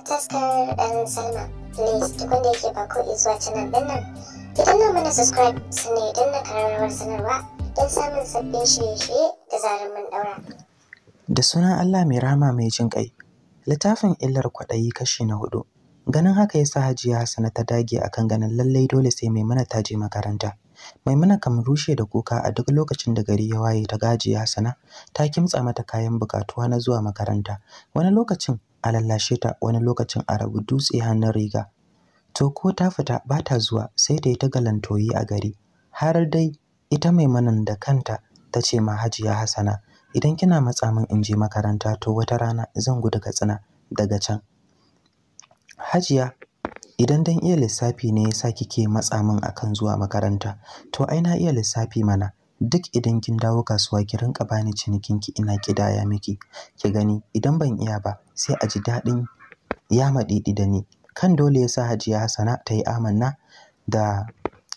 da taskar ɗan salma please duk wanda yake ba ko zuwa canal ɗin nan ki danna mana subscribe sannan idan na kararrawar sanarwa don samun sabbin shirye-shirye da zarar mun ɗaura. da sunan allah mai rama mai jin ƙai littafin illar kwaɗayi kashi na hudu ganin haka yasa hajiya hassana ta dage akan ganin lallai dole sai maimuna ta je makaranta maimuna kam rushe da kuka a duk lokacin da gari ya waye ta gajiya hassana ta kimtsa mata kayan bukatuwa na zuwa makaranta wani lokacin a lallashe ta wani lokacin a rabu dutse hannun riga to ko ta fita ba ta zuwa sai da ta galantoyi a gari har dai ita maimunan da kanta ta ce ma hajiya hassana idan kina matsa min in je makaranta to wata rana zan gudu katsina daga can Hajiya, idan dan iya lissafi ne ya sa kike matsa min akan zuwa makaranta, to ai na iya lissafi mana. Duk idan kin dawo kasuwa ki rinka bani cinikin ki ina kidaya miki. Ki gani idan ban iya ba sai a ji dadin ya madidi da ni. Kan dole ya sa Hajiya Hassana ta yi amanna da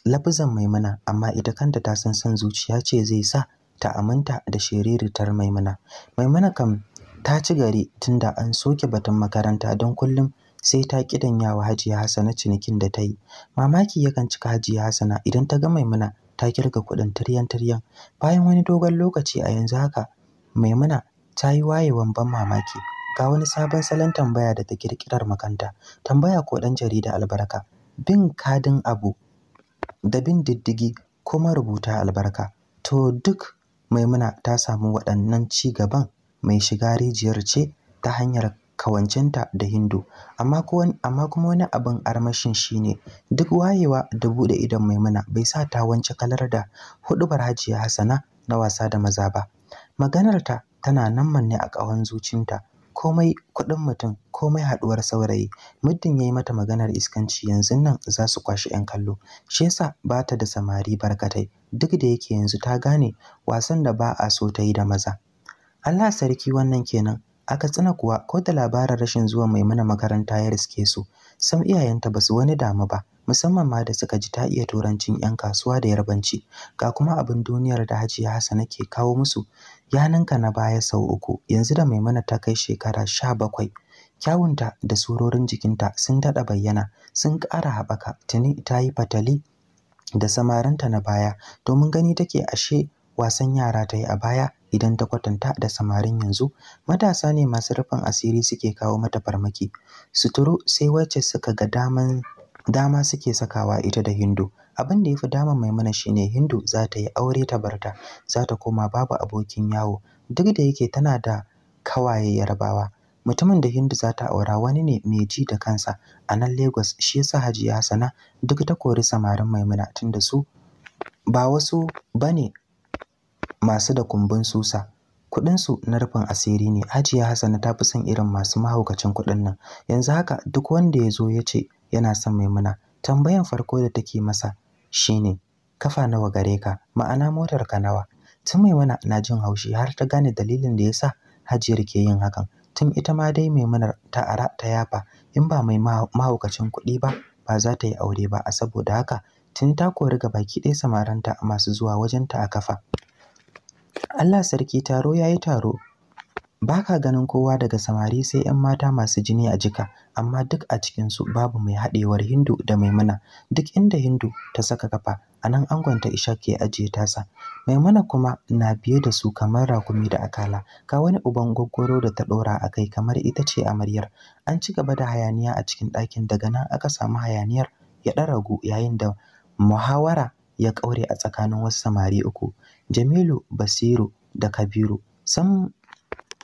lafizan Maimuna amma ita kanta ta san san zuciya ce zai sa ta aminta da shiriritar Maimuna. Maimuna kam ta ci gari tunda an soke batun makaranta don kullum sai ta kidanyawa Hajiya Hassana cinikin da ta yi. Mamaki yakan cika Hajiya Hassana idan ta ga Maimuna ta kirga kuɗin tiryan-tiryan. Bayan wani dogon lokaci a yanzu haka Maimuna ta yi wayewan ban mamaki. Ga wani sabon salon tambaya da ta kirkirar makanta. Tambaya ko ɗan jarida albarka. Bin kadin abu da bin diddigi kuma rubuta albarka. To duk Maimuna ta samu waɗannan ci gaban mai shiga rijiyar ce ta hanyar kawancenta da hindu amma kuma wani abin armashin shine duk wayewa da buɗe idon maimuna bai sa ta wance kalar da huɗubar hajiya hassana na wasa da maza ba maganarta tana nan manne a ƙawan zucinta komai kuɗin mutum komai haɗuwar saurayi muddin ya yi mata maganar iskanci yanzu nan za su kwashi 'yan kallo shi yasa ba ta da samari barkatai duk da yake yanzu ta gane wasan da ba a so ta yi da maza Allah sarki wannan kenan A Katsina kuwa ko da labarin rashin zuwan Maimuna makaranta ya riske su, sam iyayenta ba su wani damu ba, musamman ma da suka ji ta iya turancin 'yan kasuwa da yarbanci, ga kuma abin duniyar da Hajiya Hassana ke kawo musu, ya ninka na baya sau uku, yanzu da Maimuna ta kai shekara sha bakwai. Kyawunta da surorin jikinta sun daɗa bayyana, sun ƙara haɓaka, tuni ta yi fatali da samarinta na baya, domin gani take ashe wasan yara ta yi a baya idan ta kwatanta da samarin yanzu matasa ne masu rufin asiri suke kawo mata farmaki suturu sai wacce suka ga dama suke sakawa ita da hindu abin da ya fi dama maimuna shine hindu za ta yi aure ta barta za ta koma babu abokin yawo duk da yake tana da kawaye yarbawa mutumin da hindu za ta aura wani ne mai ji da kansa a nan lagos shi yasa hajiya hasana duk ta kori samarin maimuna tun da su ba wasu bane masu da kumbun susa kuɗinsu na rufin asiri ne hajiya hassana ta fi son irin masu mahaukacin kuɗin nan yanzu haka duk wanda ya zo ya ce yana son maimuna tambayan farko da take masa shine kafa nawa gare ka ma'ana motar ka nawa tun maimuna na jin haushi har ta gane dalilin da ya sa hajiyar ke yin hakan tun ita ma dai maimunar ta ara ta yafa in ba mai mahaukacin kuɗi ba ba za ta yi aure ba a saboda haka tun ta kori gabaki ɗaya samaranta masu zuwa wajenta a kafa Allah sarki taro ya yi taro ba ka ganin kowa daga samari sai 'yan mata masu jini a jika amma duk a cikinsu babu mai haɗewar hindu da maimuna duk inda hindu ta saka kafa a nan angonta isha ke ajiye tasa maimuna kuma na biye da su kamar rakumi da akala Ka wani uban gwaggwaro da ta ɗora a kai kamar ita ce amaryar an ci gaba da hayaniya a cikin ɗakin daga nan aka samu hayaniyar ya ɗan ragu yayin da muhawara ya ƙaure a tsakanin wasu samari uku Jamilu Basiru da Kabiru sam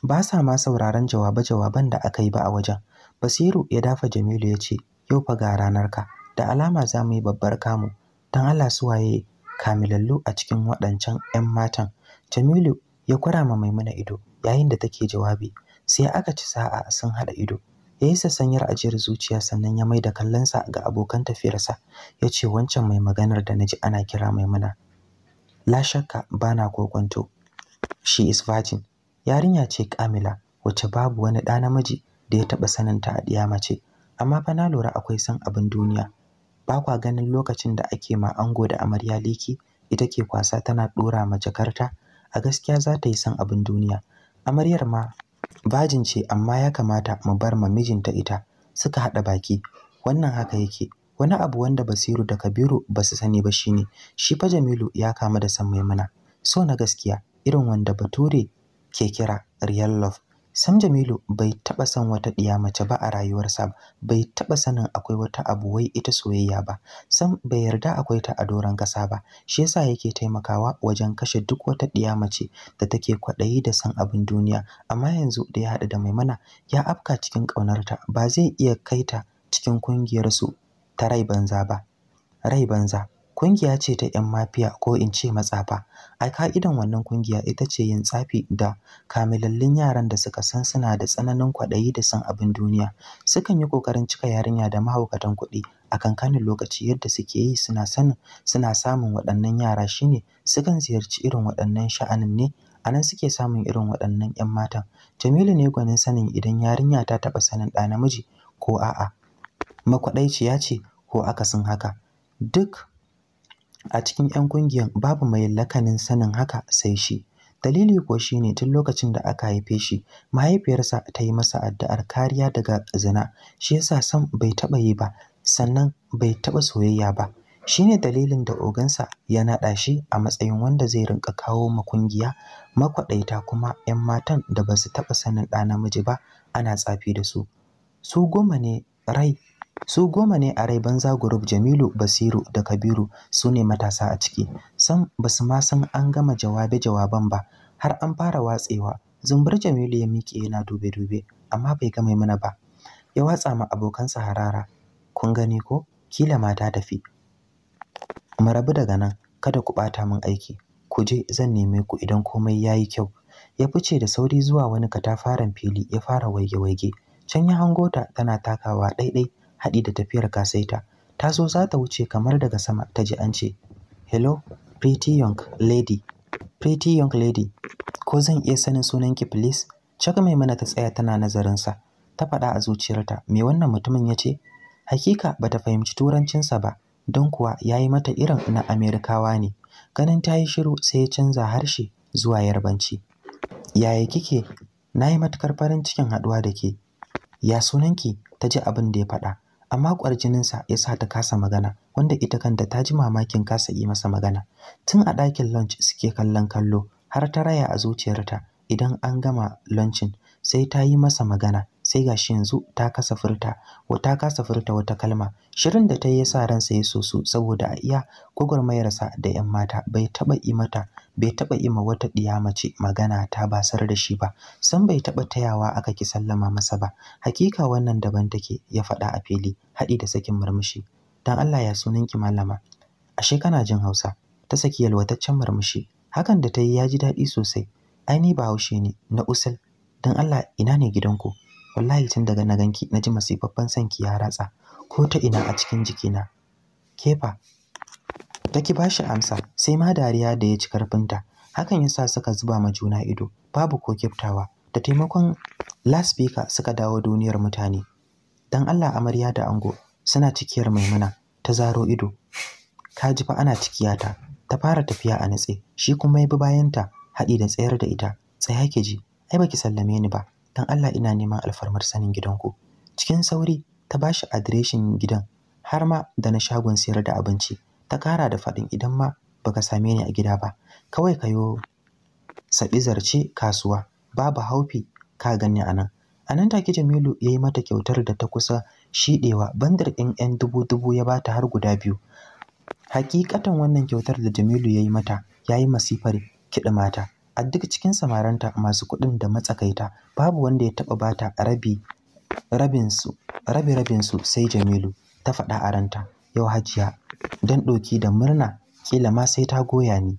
ba sa ma sauraron jawabe-jawaben da aka yi ba a wajen. Basiru ya dafa Jamilu ya ce, Yau fa ga ranarka, da alama za mu yi babbar kamu, don Allah su waye kamilallu a cikin waɗancan 'yan matan. Jamilu ya kura ma Maimuna ido yayin da take jawabi, sai aka ci sa'a sun haɗa ido. Ya yi sassanyar ajiyar zuciya sannan ya mai da kallonsa ga abokan tafiyarsa, ya ce wancan mai maganar da na ji ana kira Maimuna la shakka bana kokonto she is virgin yarinya ce kamila wacce babu wani ɗa namiji da ya taɓa saninta a ɗiya mace amma fa na lura akwai san abin duniya ba kwa ganin lokacin da ake ma ango da amarya liki ita ke kwasa tana ɗora ma jakarta a gaskiya za ta yi san abin duniya amaryar ma bajin ce amma ya kamata mu bar ma mijinta ita suka haɗa baki wannan haka yake wani abu wanda Basiru da Kabiru ba su sani ba shine shi fa Jamilu ya kama da san Maimuna so na gaskiya irin wanda Bature ke kira real love Sam Jamilu bai taba san wata diya mace ba a rayuwarsa bai taba sanin akwai wata abu wai ita soyayya ba Sam bai yarda akwai ta a doron kasa ba shi yasa yake taimakawa wajen kashe duk wata diya mace da take kwadayi da san abin duniya amma yanzu da ya hada da Maimuna ya afka cikin kaunarta ba zai iya kaita cikin kungiyar su ta rai banza ba rai banza kungiya ce ta 'yan mafiya ko in ce matsafa a ka'idan wannan kungiya ita ce yin tsafi da kamilallin yaran da suka san suna da tsananin kwaɗayi da san abin duniya sukan yi ƙoƙarin cika yarinya da mahaukatan kuɗi a kankanin lokaci yadda suke yi suna sanin suna samun waɗannan yara Shi ne sukan ziyarci irin waɗannan sha'anin ne a nan suke samun irin waɗannan 'yan matan jamilu ne gwanin sanin idan yarinya ta taɓa sanin ɗa namiji ko a'a makwaɗaiciya ce ko akasin haka duk a cikin 'yan kungiyar babu mai lakanin sanin haka sai shi dalili ko shi ne tun lokacin da aka haife shi mahaifiyarsa ta yi masa addu'ar kariya daga zina shi yasa sam bai taɓa yi ba sannan bai taɓa soyayya ba Shi ne dalilin da ogansa ya naɗa shi a matsayin wanda zai rinka kawo ma kungiya makwaɗaita kuma 'yan matan da ba su taɓa sanin ɗa namiji ba ana tsafi da su su goma ne rai su goma ne a rai banza group jamilu basiru da kabiru su ne matasa a ciki san ba su ma san an gama jawabe jawaban ba har an fara watsewa zumbur jamilu ya miƙe yana dube dube amma bai ga mana ba ya watsa ma abokansa harara kun gani ko kila mata ta fi. mu daga nan kada ku ɓata min aiki ku je zan neme ku idan komai ya yi kyau ya fice da sauri zuwa wani katafaren fili ya fara waige-waige can ya hango ta tana takawa ɗaiɗai haɗi da tafiyar kasaita ta zo za ta wuce kamar daga sama ta ji an ce hello pretty young lady pretty young lady ko zan iya sanin sunanki please mai mana ta tsaya tana nazarinsa, ta faɗa a zuciyarta, me wannan mutumin ya ce? Hakika bata fahimci turancinsa ba, don kuwa ya yi mata irin na Amerikawa ne. Ganin ta yi shiru sai ya canza harshe zuwa yarbanci. Yaya kike? Na yi matukar farin cikin haɗuwa da ke. Ya sunanki? Ta ji abin da ya faɗa. amma kwarjininsa ya sa ta kasa magana wanda ita kanta ta ji mamakin kasa yi masa magana tun a ɗakin lunch suke kallon kallo har ta raya a zuciyarta idan an gama lunchin sai ta yi masa magana sai gashi yanzu ta kasa furta ta kasa furta wata kalma shirin da ta yi sa ransa ya soso saboda a iya gwagwarmayarsa da 'yan mata bai taɓa yi mata bai taɓa yi ma wata ɗiya mace magana ta basar da shi ba san bai taɓa tayawa aka ki sallama masa ba hakika wannan daban take ya faɗa a fili haɗi da sakin murmushi dan Allah ya sunan ki malama ashe kana jin Hausa ta saki yalwataccen murmushi hakan da ta yi ya ji daɗi sosai Aini ba Bahaushe ne na usul dan Allah ina ne gidanku wallahi tun daga na ganki na ji masifaffen sanki ya ratsa ko ta ina a cikin jikina kefa ta ki bashi amsa sai ma dariya da ya ci karfinta hakan ya sa suka zuba ma juna ido babu ko kiftawa da taimakon laspika suka dawo duniyar mutane dan Allah amarya da ango suna cikiyar maimuna ta zaro ido ka ji fa ana cikiya ta Ta fara tafiya a natse shi kuma ya bi bayanta haɗi da tsayar da ita tsaya ke ji ai baki sallame ni ba dan Allah ina neman alfarmar sanin gidanku cikin sauri ta ba shi adireshin gidan har ma da na shagon sayar da abinci ta ƙara da faɗin idan ma baka same ni a gida ba kawai ka yo saɓi zarce kasuwa babu haufi ka gani a nan a nan take jamilu ya yi mata kyautar da ta kusa shiɗewa bandar ɗin 'yan dubu dubu ya bata har guda biyu hakikatan wannan kyautar da jamilu ya yi mata ya yi masifar kiɗa mata a duk cikin samaranta masu kuɗin da matsakaita babu wanda ya taɓa bata rabi rabinsu rabi rabinsu sai jamilu ta faɗa a ranta yau hajiya don ɗoki da murna kila ma sai ta goya ni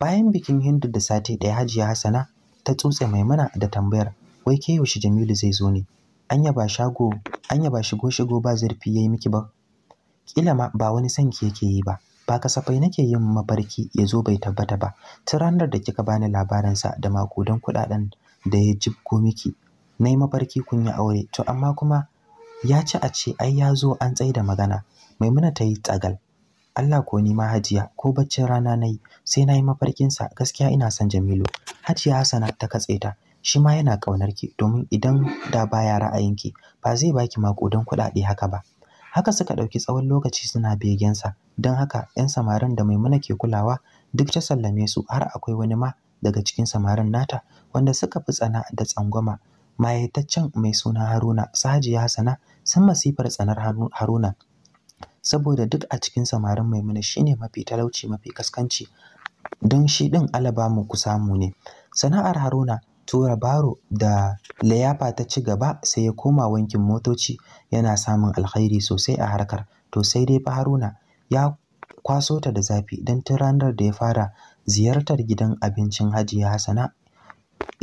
bayan bikin hindu da sati ɗaya hajiya hasana ta tsutse maimuna da tambayar wai ke yaushe jamilu zai zo ne An yaba shigo shigo ba zurfi yayi miki ba kila ma ba wani son ki yake yi ba ba kasafai nake yin mafarki ya zo bai tabbata ba ta ranar da kika bani labarinsa da makudan kuɗaɗen da ya jibgo miki na yi mafarki kun yi aure to amma kuma ya ci a ce ai ya zo an tsaye da magana maimuna ta yi tsagal Allah ko ni ma Hajiya ko baccin rana na yi sai nayi mafarkin sa gaskiya ina son Jamilu Hajiya Hassana ta katse ta shi ma yana kaunar ki domin idan da baya ra'ayin ki ba zai baki makudan kuɗaɗe haka ba haka suka ɗauki tsawon lokaci suna begen sa don haka 'yan samarin da Maimuna ke kulawa duk ta sallame su har akwai wani ma daga cikin samarin nata wanda suka fi tsana da tsangwama mayataccen mai suna Haruna Sahajiya Hassana sun masifar tsanar Haruna saboda duk a cikin samarin maimuna shine mafi talauci mafi kaskanci don shi ɗin alaba mu ku samu ne sana'ar haruna tura baro da layafa ta ci gaba sai ya koma wankin motoci yana samun alkhairi sosai a harkar to sai dai fa haruna ya kwaso ta da zafi don ta ranar da ya fara ziyartar gidan abincin hajiya hasana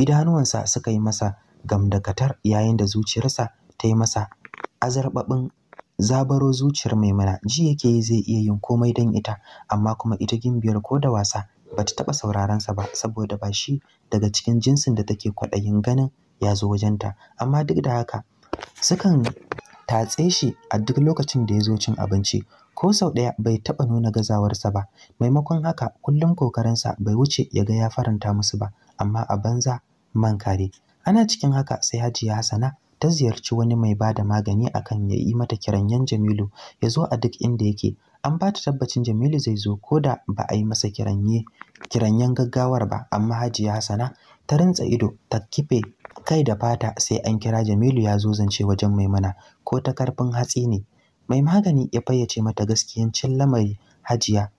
idanuwansa suka yi masa gamdakatar yayin da zuciyarsa ta yi masa azarbabin zabaro zuciyar maimuna ji yake yi zai iya yin komai don ita amma kuma ita gimbiyar ko da wasa ba ta taɓa saurarensa ba saboda ba shi daga cikin jinsin da take kwaɗayin ganin ya zo wajenta amma duk da haka sukan tatse shi a duk lokacin da ya zo cin abinci ko sau ɗaya bai taɓa nuna gazawarsa ba maimakon haka kullum kokarinsa bai wuce ya ga ya faranta musu ba amma a banza man kare ana cikin haka sai hajiya hasana ta ziyarci wani mai ba da magani akan ya yi mata kiran yan Jamilu ya zo a duk inda yake an ba ta tabbacin Jamilu zai zo ko da ba a yi masa kiran kiranyen gaggawar ba amma Hajiya Hassana ta rantsa ido ta kife kai da fata sai an kira Jamilu ya zo zance wajen Maimuna ko ta karfin hatsi ne mai magani ya fayyace mata gaskiyancin lamari Hajiya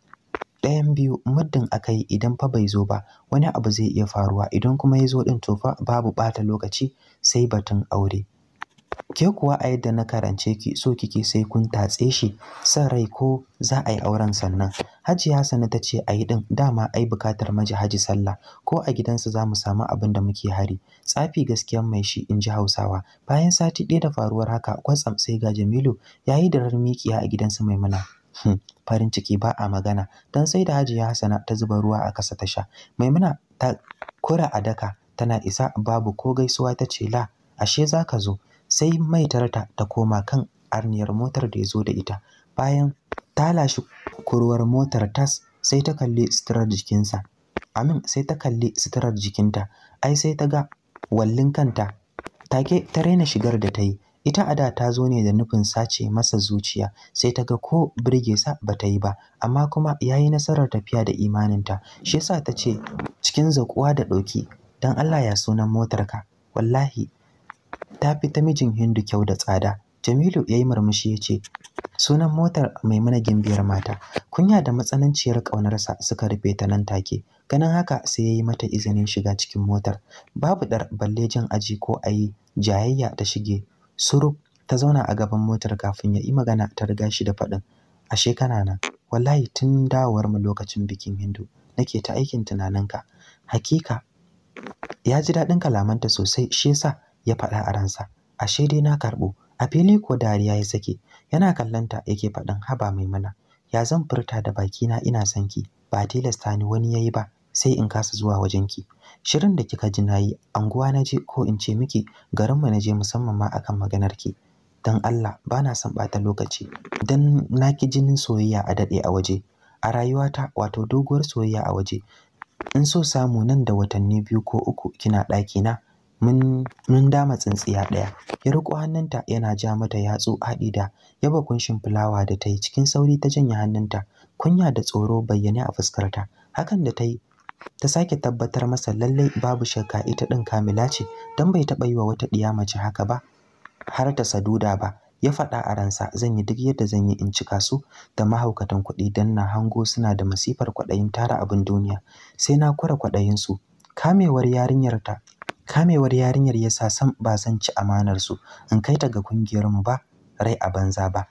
ɗayan biyu muddin aka yi idan fa bai zo ba wani abu zai iya faruwa idan kuma ya zo ɗin to babu ɓata lokaci sai batun aure ke kuwa a yadda na karance ki so kike sai kun tatse shi san rai ko za a yi auren sannan Hajiya sani ta ce a yi ɗin dama ai bukatar maji haji sallah ko a gidansa za mu samu abin da muke hari tsafi gaskiyan mai shi in ji hausawa bayan sati ɗaya da faruwar haka kwatsam sai ga jamilu ya yi da rar mikiya a gidansa maimuna Hmm, farin ciki ba a magana don sai da hajiya hassana ta zuba ruwa a kasa ta sha maimuna ta kura a daka tana isa babu ko gaisuwa ta ce la ashe za ka zo sai maitarta ta koma kan arniyar motar da ya zo da ita bayan ta lashe kurwar motar tas sai ta kalli sitirar jikinsa amin sai ta kalli sitirar jikinta ai sai ta ga wallin kanta take ta raina shigar da ta yi ita a da ta zo ne da nufin sace masa zuciya sai ta ga ko birge sa ba ta yi ba amma kuma ya yi nasarar tafiya da imaninta shi yasa ta ce cikin zaƙuwa da ɗauki don Allah ya sunan motarka wallahi ta fi ta mijin hindu kyau da tsada Jamilu ya yi murmushi ya ce, Sunan motar mai mana Gimbiyar Mata, kunya da matsananciyar ƙaunarsa suka rufe ta nan take, ganin haka sai ya yi mata izinin shiga cikin motar, babu ɗar balle jin aji ko ayi, jayayya ta shige Suruk, ta zauna a gaban motar kafin ya yi magana ta riga shi da faɗin. Ashe kana nan. Wallahi tun dawowar mu lokacin bikin Hindu nake ta aikin tunaninka. Hakika ya ji daɗin kalamanta sosai shi yasa ya faɗa a ransa. Ashe dai na karɓo. A fili ko dariya ya sake yana kallanta yake faɗin haba mai mana. Ya zan furta da bakina ina sanki ba tilasta ni wani yayi ba sai in kasa zuwa wajen ki. shirin da kika ji nayi anguwa na je ko in ce miki garin mu na je musamman ma akan maganar ki dan Allah bana son bata lokaci dan naki jinin soyayya a dade a waje a rayuwata wato doguwar soyayya a waje in so samu nan da watanni biyu ko uku kina ɗaki na mun mun dama tsintsiya ɗaya ya riko hannunta yana ja mata yatsu haɗi da yaba kunshin fulawa da ta yi cikin sauri ta janye hannunta kunya da tsoro bayyane a fuskarta hakan da ta yi ta sake tabbatar masa lallai babu shakka ita ɗin kamila ce don bai taɓa yi wa wata ɗiya mace haka ba har ta saduda ba ya faɗa a ransa zan yi duk yadda zan yi in cika su da mahaukatan kuɗi dan na hango suna da masifar kwaɗayin tara abin duniya sai na kwadayin kwaɗayinsu kamewar yarinyar ta kamewar yarinyar ya sa ba zan ci amanar su in kai ta ga mu ba rai a banza ba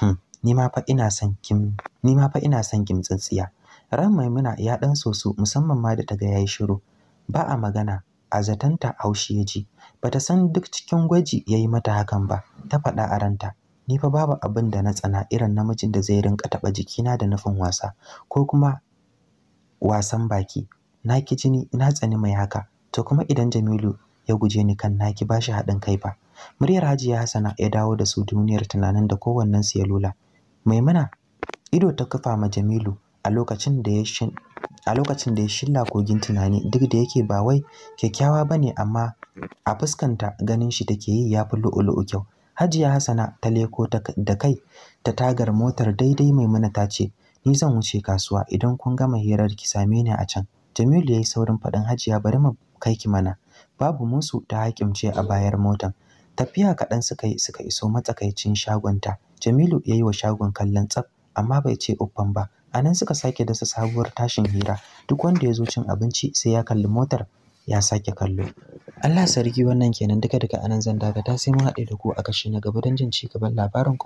hmm. ni fa ina son kim nima fa ina son kim tsintsiya Ran Maimuna ya ɗan soso musamman ma da ta ga yayi shiru. Ba a magana, a zatanta haushi ya ji. Bata san duk cikin gwaji yayi mata hakan ba, ta faɗa a ranta. Ni fa babu abin da na tsana irin namijin da zai rinka taɓa jikina da nufin wasa ko kuma wasan baki. Na ki jini, na tsani mai haka. To kuma idan Jamilu ya guje ni kan naki bashi haɗin kai ba. Muryar Hajiya Hassana ya dawo da su duniyar tunanin da kowannensu ya lula. Maimuna ido ta kafa ma Jamilu a lokacin da ya shilla kogin tunani duk da yake ba wai kyakkyawa ba ne amma a fuskanta ganin shi take yi ya fi lu'ulu'u kyau Hajiya Hassana ta leko da kai ta tagar motar daidai mai mana ta ce ni zan wuce kasuwa idan kun gama hirar ki same ni a can Jamilu ya yi saurin faɗin Hajiya bari mu kai ki mana babu musu ta hakimce a bayar motar tafiya kaɗan suka yi suka iso matsakaicin shagonta Jamilu ya yi wa shagon kallon tsaf amma bai ce uffan ba a nan suka sake dasa sabuwar tashin hira duk wanda ya zo cin abinci sai ya kalli motar ya sake kallo Allah sarki wannan kenan duka duka anan zan dakata sai mun haɗe da ku a kashi na gaba don jin ci gaban labarin